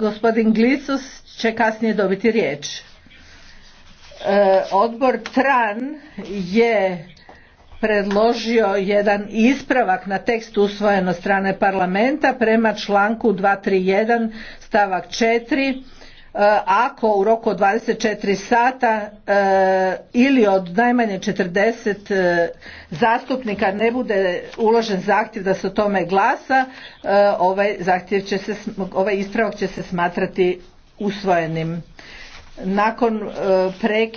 Gospodin Glicus će kasnije dobiti riječ. E, odbor TRAN je predložio jedan ispravak na tekst usvojen od strane parlamenta prema članku 231 stavak 4 Eh, ako u roku od 24 sata eh, ili od najmanje 40 eh, zastupnika ne bude uložen zahtjev da se o tome glasa, ovaj, zahtjev će se, ovaj ispravak će se smatrati usvojenim. Nakon prekida